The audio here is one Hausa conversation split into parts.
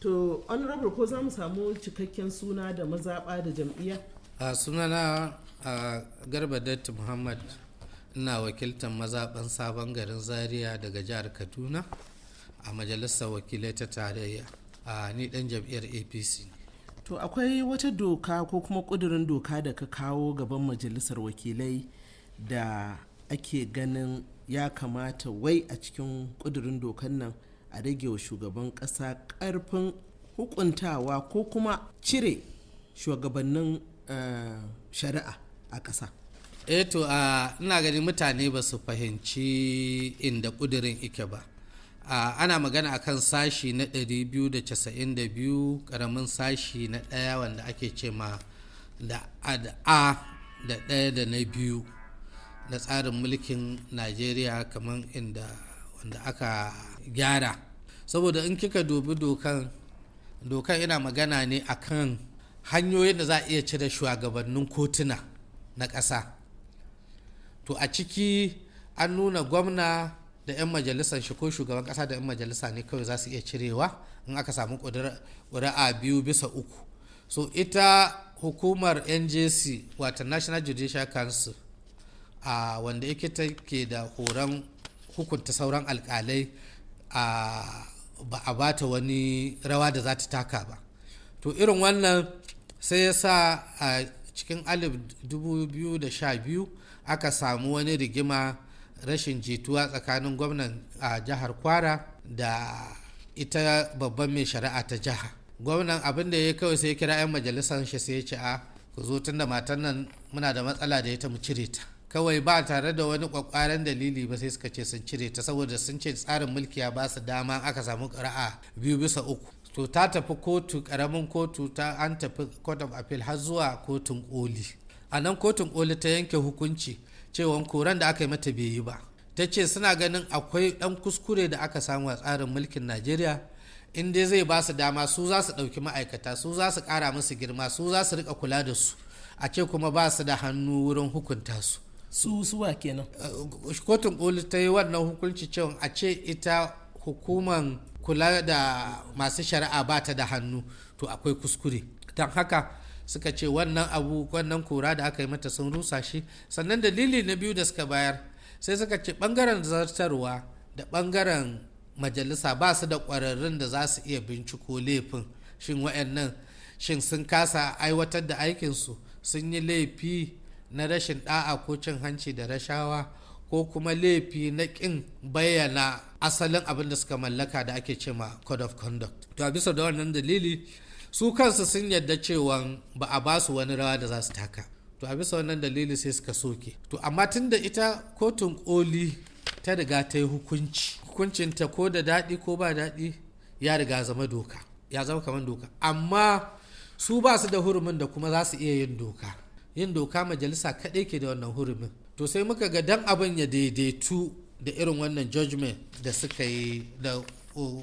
to honorable ko za mu samu cikakken suna da mazaɓa da jam'iyya a sunana a garba datti muhammad ina wakiltar mazaɓan sabon garin zaria daga jihar kaduna a majalisar wakilai ta tarayya a ni dan jam'iyyar apc to akwai wata doka ko kuma ƙudurin doka da ka kawo gaban majalisar wakilai da ake ganin ya kamata wai a cikin ƙudurin dokan nan a rage wa shugaban ƙasa ƙarfin hukuntawa ko kuma cire shugabannin eh, shari'a a ƙasa eto eh a ina ganin mutane ba su fahimci inda ƙudurin ike ba ana magana akan sashi na 292 karamin sashi na ɗaya wanda ake ce ma da a da ɗaya da na biyu na tsarin mulkin najeriya kamar inda wanda aka gyara saboda in kika dubi dokan dokan ina magana ne a kan hanyoyin da za a iya cire shugabannin kotuna na ƙasa to a ciki an nuna gwamna da 'yan majalisar shi ko shugaban ƙasa da 'yan majalisa ne kawai za su iya cirewa in aka samu ƙuri'a biyu bisa uku so ita hukumar njc wata national judicial council a wanda ita ke da horon hukunta sauran alkalai ba a bata wani rawa da za ta taka ba to irin wannan sai ya sa a cikin alif 2012 aka samu wani rigima rashin jituwa tsakanin gwamnan a jihar kwara da ita babban mai shari'a ta jiha gwamnan abin da ya kawai sai ya kira 'yan majalisar shi sai ya ce a ku zo tun da matan nan muna da matsala da ita mu cire ta kawai ba tare da wani kwakwaren dalili ba sai suka ce sun cire ta saboda sun ce tsarin mulki ya ba su dama aka samu ƙara'a biyu bisa uku to ta tafi kotu ƙaramin kotu ta an tafi court of appeal har zuwa kotun koli a nan kotun koli ta yanke hukunci cewa koran da aka yi mata bai yi ba ta ce suna ganin akwai ɗan kuskure da aka samu a tsarin mulkin najeriya in dai zai ba su dama su za su ɗauki ma'aikata su za su ƙara musu girma su za su riƙa kula da su a ce kuma ba su da hannu wurin hukunta su su suwa kenan eh, kotun koli ta yi wannan hukunci cewa a ce ita hukuman kula da masu shari'a ba ta da hannu to akwai kuskure don haka suka ce wannan abu wannan kura da aka yi mata sun rusa shi sannan dalili na biyu da suka bayar sai suka ce bangaren zartarwa da bangaren majalisa ba su da kwararrun da za su iya binciko laifin shin wa'annan shin sun kasa aiwatar da aikinsu sun yi laifi na rashin ɗa'a ko cin hanci da rashawa ko kuma laifi na ƙin bayyana asalin abin da suka mallaka da ake cema code of conduct to a bisa da wannan dalili su kansu sun yadda cewa ba a ba su wani rawa da za su taka to a bisa wannan dalili sai suka soke to amma tun da ita kotun koli ta riga ta yi hukunci Hukuncin ta ko da daɗi ko ba daɗi ya riga zama doka ya zama kamar doka amma su ba su da hurumin da kuma za su iya yin doka yin doka majalisa kaɗai ke da wannan hurumin to sai muka ga dan abin ya daidaitu da irin wannan judgment da suka yi da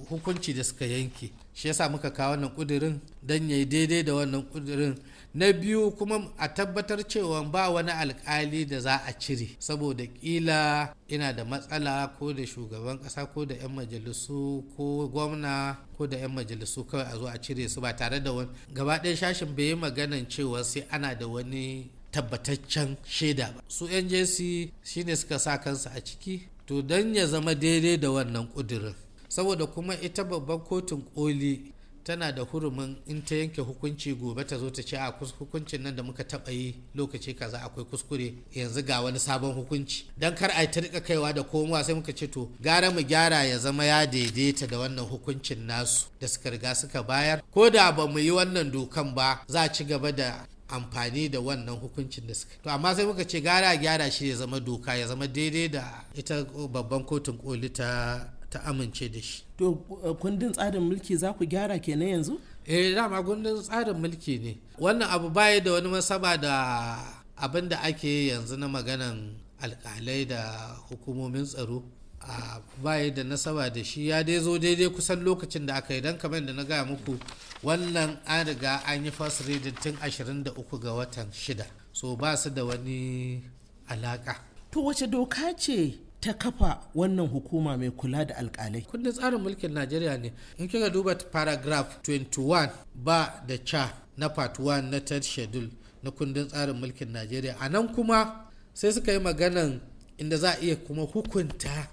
hukunci da suka yanke shi yasa muka kawo wannan kudirin don ya yi daidai da wannan kudirin na biyu kuma a tabbatar cewa ba wani alkali da za a cire saboda kila ina da matsala ko da shugaban kasa ko da 'yan majalisu ko gwamna ko da 'yan majalisu kawai a zo a cire su ba tare da wani gaba ɗaya shashin bai yi maganan cewa sai ana da wani tabbataccen shaida ba su yan njc shine suka sa kansu a ciki to don ya zama daidai da wannan kudirin saboda kuma ita babban kotun koli tana da hurumin in ta yanke hukunci gobe ta zo ta ce a hukuncin nan da muka taba yi lokaci kaza akwai kuskure yanzu ga wani sabon hukunci don kar a ta rika kaiwa da komowa sai muka ce to gara mu gyara ya zama ya daidaita da wannan hukuncin nasu da suka riga suka bayar ko da ba mu yi wannan dokan ba za a ci gaba da amfani da wannan hukuncin da suka to amma sai muka ce gara gyara shi ya zama doka ya zama daidai da ita babban kotun koli ta ta amince da shi to eh, kundin tsarin mulki za ku gyara kenan yanzu eh dama kundin tsarin mulki ne wannan abu baya da wani masaba da abin da ake yanzu na maganan alkalai da hukumomin tsaro a ah, baya da nasaba da shi ya dai zo daidai kusan lokacin da aka yi don kamar da na gaya muku wannan an riga an yi first reading tun 23 ga watan 6 so ba su da wani alaka to wace doka ce ta kafa wannan hukuma mai kula da alkalai kundin tsarin mulkin najeriya ne in kika duba paragraph 21 ba da cha na part 1 na third schedule na kundin tsarin mulkin najeriya a nan kuma sai suka yi maganan inda za a iya kuma hukunta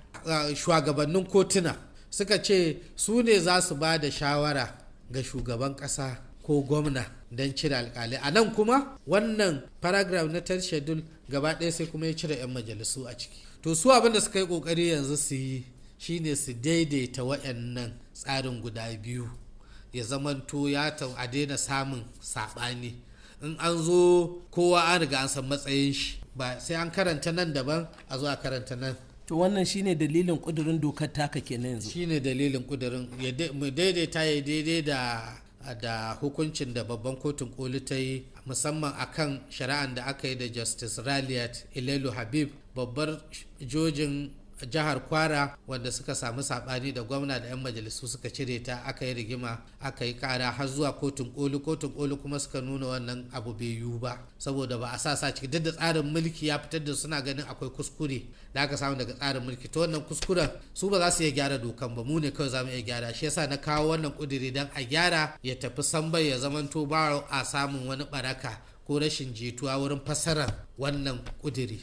shugabannin kotuna suka ce su ne za su ba da shawara ga shugaban ƙasa ko gwamna don cire alkali a nan kuma wannan paragraf na third shedul gaba ɗaya sai kuma ya cire 'yan majalisu a ciki to su abin da suka yi kokari yanzu su yi shine su daidaita wayannan tsarin guda biyu ya zamanto ya a daina samun saɓani in an zo kowa an riga an san matsayin shi ba sai an karanta nan daban a zo a karanta nan to wannan shine dalilin kudurin dokar taka kenan yanzu shine dalilin kudurin mu daidaita ya daidai da da hukuncin da babban kotun koli ta yi musamman akan shari'an da aka yi da justice raliat ilelu habib babbar jojin jihar kwara wanda suka samu sabani da gwamna da 'yan majalisu suka cire ta aka yi rigima aka yi kara har zuwa kotun koli kotun koli kuma suka nuna wannan abu bai yiwu ba saboda ba a sa sa ciki duk da tsarin mulki ya fitar da suna ganin akwai kuskure da aka samu daga tsarin mulki to wannan kuskuren su ba za su iya gyara dokan ba mu ne kawai za mu iya gyara shi yasa na kawo wannan kudiri don a gyara ya tafi sambai ya zamanto ba a samun wani baraka ko rashin jituwa wurin fasarar wannan kudiri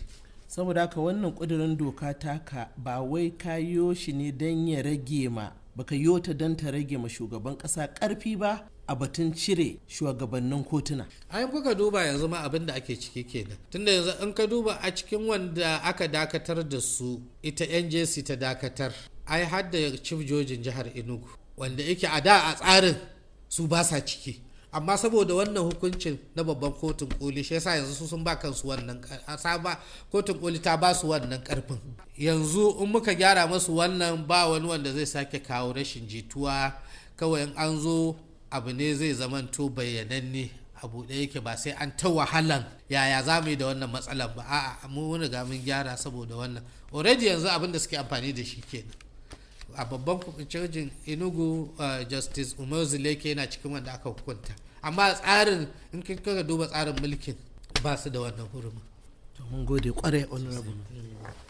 saboda haka wannan ƙudurin doka taka ba wai kayo shi ne don ya rage ma baka yo ta don ta rage ma shugaban ƙasa ƙarfi ba a batun cire shugabannin kotuna. Ai kuka duba yanzu ma abin da ake ciki kenan. Tunda yanzu in ka duba a cikin wanda aka dakatar da su ita NJC ta dakatar. Ai har da Chief Jojin jihar Enugu wanda yake a da a tsarin su ba sa ciki. amma saboda wannan hukuncin na babban kotun koli shi yasa yanzu sun ba kansu wannan ba kotun koli ta ba su wannan karfin yanzu in muka gyara masu wannan ba wani wanda zai sake kawo rashin jituwa kawai in an zo abu ne zai zamanto bayyananne a buɗe yake ba sai an ta wahalan yaya za mu yi da wannan matsalar ba a'a mun ga mun gyara saboda wannan already yanzu abin da suke amfani da shi kenan a babban cajin inugu uh, justice umar zileke yana cikin wanda aka hukunta amma tsarin in kika kaga duba tsarin mulkin ba su da wannan hurumin. mun gode kwarai honorable